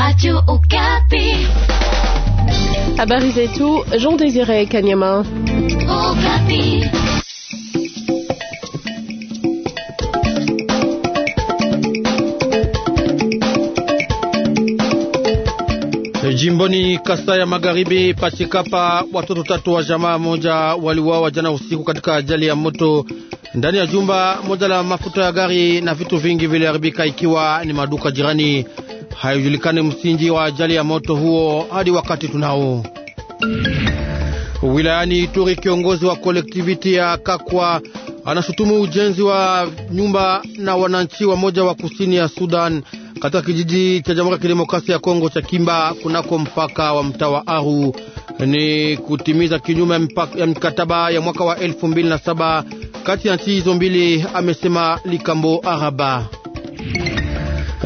Radio Okapi. Habari zetu, Jean Désiré Kanyama. Okapi. Jimboni Kasai ya Magharibi, Pachikapa, watoto tatu wa jamaa moja waliuawa jana usiku katika ajali ya moto ndani ya jumba moja la mafuta ya gari, na vitu vingi viliharibika ikiwa ni maduka jirani haijulikani msingi wa ajali ya moto huo hadi wakati tunao. Wilayani Ituri, kiongozi wa kolektiviti ya Kakwa anashutumu ujenzi wa nyumba na wananchi wa moja wa kusini ya Sudan katika kijiji cha Jamhuri ya Kidemokrasia ya Kongo cha Kimba kunako mpaka wa mtaa wa Aru ni kutimiza kinyume ya mkataba ya mwaka wa elfu mbili na saba kati ya nchi hizo mbili, amesema Likambo Araba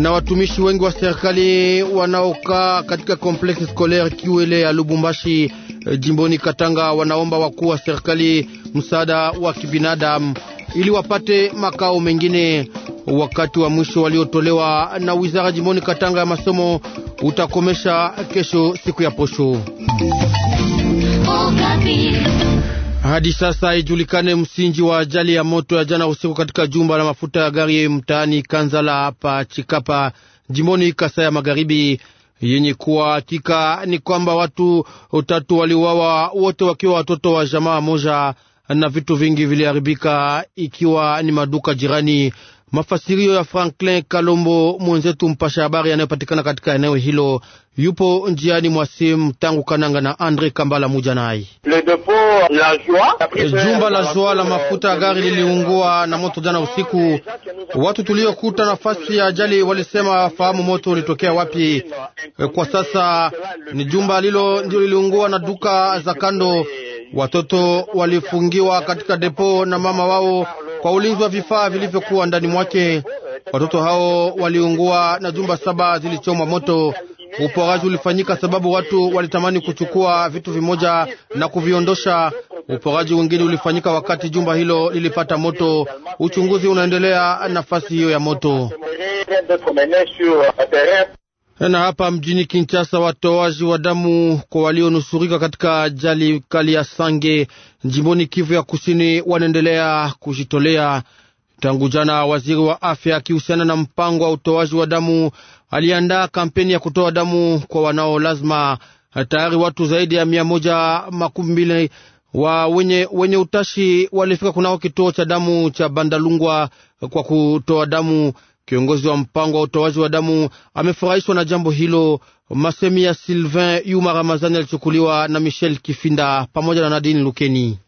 na watumishi wengi wa serikali wanaokaa katika complexe scolaire Kiwele ya Lubumbashi eh, jimboni Katanga wanaomba wakuu wa serikali msaada wa kibinadamu ili wapate makao mengine. Wakati wa mwisho waliotolewa na wizara jimboni Katanga ya masomo utakomesha kesho siku ya posho. Hadi sasa haijulikane msingi wa ajali ya moto ya jana usiku katika jumba la mafuta ya gari mtaani Kanzala hapa Chikapa jimboni Kasai ya Magharibi. Yenye kuwa hakika ni kwamba watu tatu waliuawa, wote wakiwa watoto wa jamaa moja, na vitu vingi viliharibika, ikiwa ni maduka jirani. Mafasirio ya Franklin Kalombo, mwenzetu mpasha habari anayepatikana katika eneo hilo, yupo njiani mwa simu tangu Kananga na Andre Kambala muja eh, Jumba la Joa la mafuta ya gari liliungua na moto jana usiku. Watu tuliokuta nafasi ya ajali walisema fahamu moto ulitokea wapi. Eh, kwa sasa ni jumba lilo ndio liliungua na duka za kando. Watoto walifungiwa katika depo na mama wao kwa ulinzi wa vifaa vilivyokuwa ndani mwake. Watoto hao waliungua na jumba saba zilichomwa moto. Uporaji ulifanyika sababu watu walitamani kuchukua vitu vimoja na kuviondosha. Uporaji wengine ulifanyika wakati jumba hilo lilipata moto. Uchunguzi unaendelea nafasi hiyo ya moto. Na hapa mjini Kinshasa, watoaji wa damu kwa walionusurika katika ajali kali ya Sange jimboni Kivu ya Kusini wanaendelea kujitolea. Tangu jana, waziri wa afya akihusiana na mpango wa utoaji wa damu aliandaa kampeni ya kutoa damu kwa wanao lazima. Tayari watu zaidi ya mia moja makumi mbili wa wenye, wenye utashi walifika kunao kituo cha damu cha Bandalungwa kwa kutoa damu Kiongozi wa mpango wa utoaji wa damu amefurahishwa na jambo hilo. Masemi ya Sylvain Yuma Ramazani alichukuliwa na Michel Kifinda pamoja na Nadine Lukeni.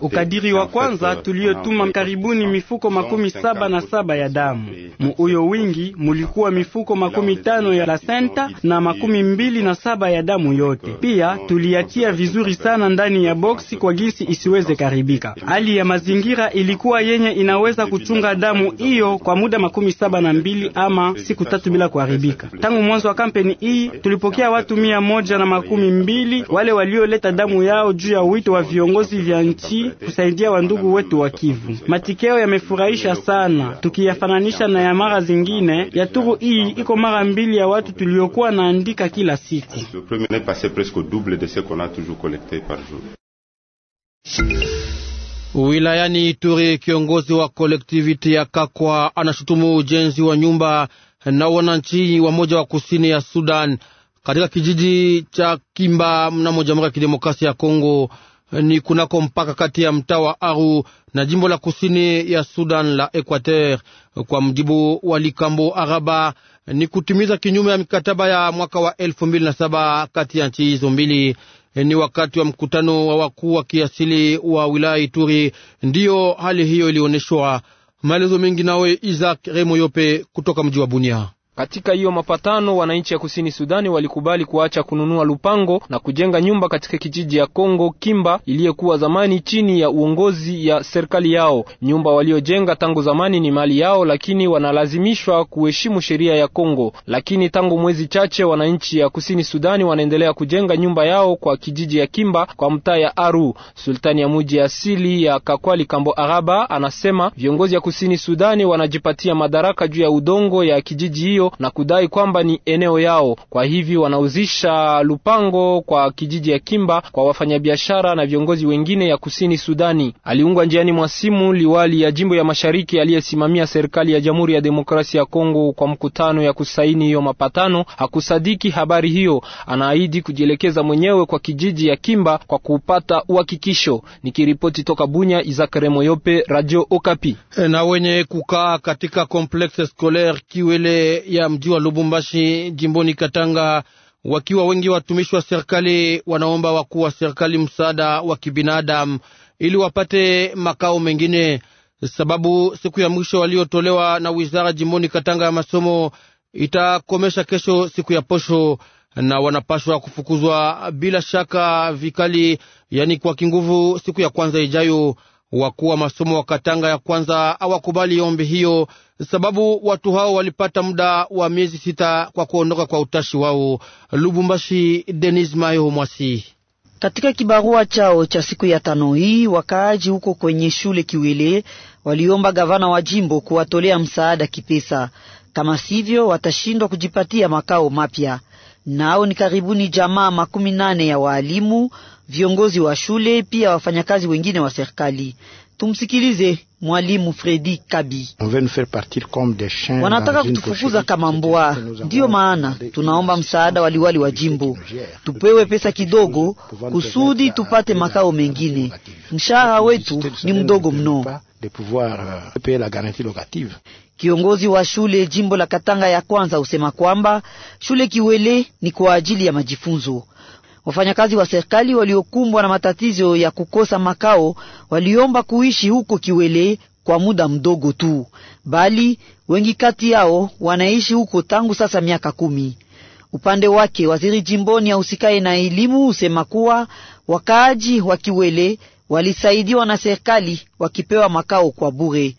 Ukadiri wa kwanza tuliyotuma karibuni mifuko makumi saba na saba ya damu. Muuyo wingi mulikuwa mifuko makumi tano ya lasenta na makumi mbili na saba ya damu yote. Pia tuliatia vizuri sana ndani ya boksi kwa gisi isiweze karibika. Hali ya mazingira ilikuwa yenye inaweza kuchunga damu hiyo kwa muda makumi saba na mbili ama siku tatu bila kuharibika. Tangu mwanzo wa kampeni hii tulipokea watu mia moja na makumi mbili wale walioleta damu yao juu ya wito wa viongozi vya nchi kusaidia wandugu wetu wa Kivu. Matikeo yamefurahisha sana, tukiyafananisha na ya mara zingine. Ya turu hii iko mara mbili ya watu tuliokuwa naandika kila siku. Wilayani Ituri, kiongozi wa kolektiviti ya Kakwa anashutumu ujenzi wa nyumba na wananchi wa moja wa kusini ya Sudan katika kijiji cha Kimba mnamo Jamhuri ya Kidemokrasia ya Kongo, ni kunako mpaka kati ya mtaa wa Aru na jimbo la kusini ya Sudan la Equateur. Kwa mjibu wa Likambo Araba, ni kutimiza kinyume ya mikataba ya mwaka wa elfu mbili na saba kati ya nchi hizo mbili. Ni wakati wa mkutano wa wakuu wa kiasili wa wilaya Ituri ndiyo hali hiyo ilionyeshwa. Maelezo mengi nawe Isaac Remoyope kutoka mji wa Bunia. Katika hiyo mapatano, wananchi ya kusini Sudani walikubali kuacha kununua lupango na kujenga nyumba katika kijiji ya Kongo Kimba iliyokuwa zamani chini ya uongozi ya serikali yao. Nyumba waliojenga tangu zamani ni mali yao, lakini wanalazimishwa kuheshimu sheria ya Kongo. Lakini tangu mwezi chache, wananchi ya kusini Sudani wanaendelea kujenga nyumba yao kwa kijiji ya Kimba kwa mtaa ya Aru. Sultani ya muji asili ya Kakwali Kambo Araba anasema viongozi ya kusini Sudani wanajipatia madaraka juu ya udongo ya kijiji hiyo na kudai kwamba ni eneo yao. Kwa hivyo wanauzisha lupango kwa kijiji ya Kimba kwa wafanyabiashara na viongozi wengine ya kusini Sudani. Aliungwa njiani mwa simu liwali ya jimbo ya mashariki aliyesimamia serikali ya Jamhuri ya Demokrasia ya Kongo kwa mkutano ya kusaini hiyo mapatano. Hakusadiki habari hiyo, anaahidi kujielekeza mwenyewe kwa kijiji ya Kimba kwa kupata uhakikisho. Nikiripoti toka Bunya, Izakare Moyope, Radio Okapi. Eh, na wenye kukaa katika complexe scolaire Kiwele ya mji wa Lubumbashi jimboni Katanga, wakiwa wengi watumishi wa serikali wanaomba wakuu wa serikali msaada wa kibinadamu ili wapate makao mengine, sababu siku ya mwisho waliotolewa na wizara jimboni Katanga ya masomo itakomesha kesho siku ya posho, na wanapashwa kufukuzwa bila shaka vikali, yani kwa kinguvu, siku ya kwanza ijayo. Wakuu wa masomo wa Katanga ya kwanza hawakubali ombi hiyo, sababu watu hao walipata muda wa miezi sita kwa kuondoka kwa utashi wao. Lubumbashi, Denis Mayo Mwasi. Katika kibarua chao cha siku ya tano hii, wakaaji huko kwenye shule kiwile waliomba gavana wa jimbo kuwatolea msaada kipesa, kama sivyo watashindwa kujipatia makao mapya. Nao ni karibuni jamaa makumi nane ya waalimu viongozi wa shule, pia wafanyakazi wengine wa serikali. Tumsikilize mwalimu Fredi Kabi. Wanataka kutufukuza kama mbwa, ndiyo maana tunaomba msaada waliwali wa jimbo, tupewe pesa kidogo kusudi tupate makao mengine. Mshahara wetu ni mdogo mno. Euh, Kiongozi wa shule jimbo la Katanga ya kwanza husema kwamba shule Kiwele ni kwa ajili ya majifunzo Wafanyakazi wa serikali waliokumbwa na matatizo ya kukosa makao waliomba kuishi huko Kiwele kwa muda mdogo tu, bali wengi kati yao wanaishi huko tangu sasa miaka kumi. Upande wake waziri jimboni ausikaye na elimu husema kuwa wakaaji wa Kiwele walisaidiwa na serikali wakipewa makao kwa bure.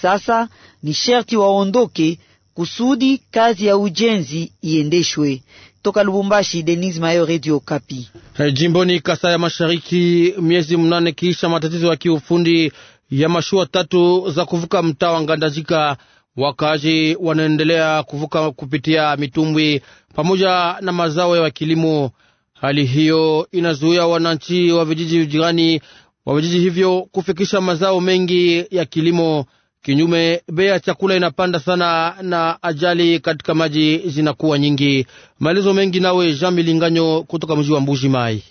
Sasa ni sherti waondoke kusudi kazi ya ujenzi iendeshwe. Toka Lubumbashi, Denis Mayo, Radio Kapi. Hey, eh, jimboni kasa ya Mashariki, miezi mnane kiisha matatizo ya kiufundi ya mashua tatu za kuvuka mtaa wa Ngandajika, wakaaji wanaendelea kuvuka kupitia mitumbwi pamoja na mazao ya kilimo. Hali hiyo inazuia wananchi wa vijiji jirani wa vijiji hivyo kufikisha mazao mengi ya kilimo Kinyume, bei ya chakula inapanda sana na ajali katika maji zinakuwa nyingi. Maelezo mengi nawe Jean Milinganyo kutoka mji wa Mbuji Mai.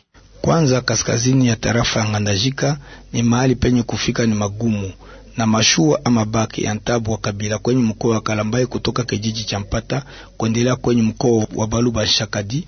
Kwanza, kaskazini ya tarafa ya Ngandajika ni mahali penye kufika ni magumu na mashua ama baki ya ntabu wa kabila kwenye mkoa wa Kalambai kutoka kijiji cha Mpata kuendelea kwenye mkoa wa Baluba Shakadi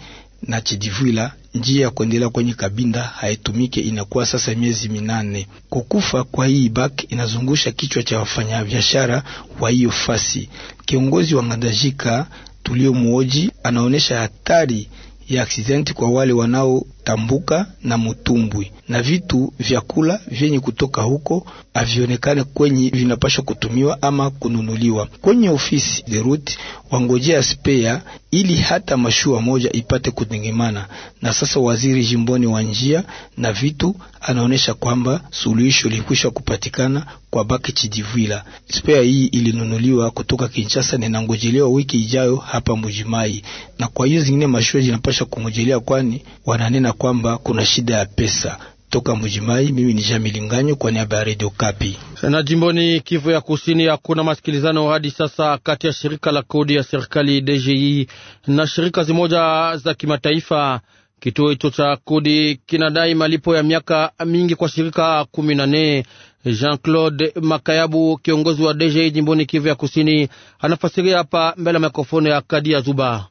na Chidivuila, njia ya kuendelea kwenye Kabinda haitumike, inakuwa sasa miezi minane. Kukufa kwa hii bak inazungusha kichwa cha wafanyabiashara wa hiyo fasi. Kiongozi wa Ngandajika tulio muoji anaonyesha hatari ya aksidenti kwa wale wanao tambuka na mutumbwi, na vitu vyakula vyenye kutoka huko havionekane kwenye vinapashwa kutumiwa ama kununuliwa. Kwenye ofisi de route wangojea spea ili hata mashua moja ipate kutengemana. Na sasa waziri jimboni wa njia na vitu anaonyesha kwamba suluhisho likwisha kupatikana kwa baki Chidivwila. Spea hii ilinunuliwa kutoka Kinshasa na inangojelewa wiki ijayo hapa Mujimai, na kwa hiyo zingine mashua zinapasha kungojelea, kwani wananena kwamba kuna shida ya pesa. Toka Mujimai, mimi ni Jamilinganyo kwa niaba ya Radio Kapi. Na jimboni Kivu ya Kusini hakuna masikilizano hadi sasa kati ya shirika la kodi ya serikali DGI na shirika zimoja za kimataifa. Kituo hicho cha kodi kinadai malipo ya miaka mingi kwa shirika kumi na nne. Jean-Claude Makayabu, kiongozi wa DGI jimboni Kivu ya Kusini, anafasiria hapa mbele ya mikrofoni ya Kadi ya Zuba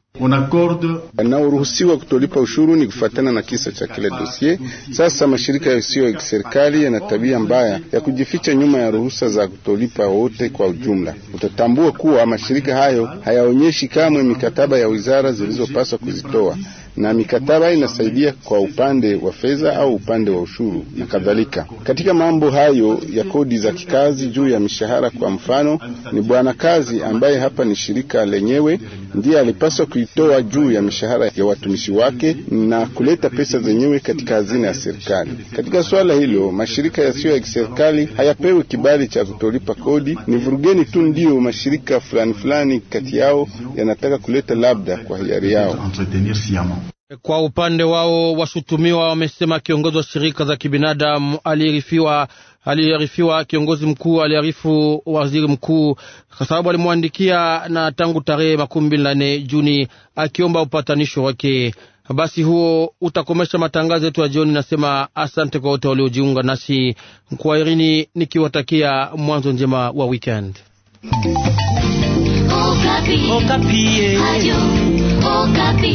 wanaoruhusiwa kutolipa ushuru ni kufuatana na kisa cha kile dosie. Sasa mashirika yasiyo ya kiserikali yana tabia mbaya ya kujificha nyuma ya ruhusa za kutolipa wote kwa ujumla. Utatambua kuwa mashirika hayo hayaonyeshi kamwe mikataba ya wizara zilizopaswa kuzitoa na mikataba inasaidia kwa upande wa fedha au upande wa ushuru na kadhalika. Katika mambo hayo ya kodi za kikazi juu ya mishahara, kwa mfano, ni bwana kazi ambaye hapa ni shirika lenyewe ndiye alipaswa kuitoa juu ya mishahara ya watumishi wake na kuleta pesa zenyewe katika hazina ya serikali. Katika suala hilo, mashirika yasiyo ya kiserikali hayapewi kibali cha kutolipa kodi. Ni vurugeni tu ndiyo mashirika fulani fulani kati yao yanataka kuleta labda kwa hiari yao. Kwa upande wao washutumiwa wamesema kiongozi wa shirika za kibinadamu aliarifiwa, aliarifiwa kiongozi mkuu aliarifu waziri mkuu kwa sababu alimwandikia na tangu tarehe makumi mbili na nne Juni akiomba upatanisho wake. Basi huo utakomesha matangazo yetu ya jioni. Nasema asante kwa wote waliojiunga nasi kwa irini, nikiwatakia mwanzo njema wa weekend. Okapi. Oh, Okapi. Oh, eh. Okapi.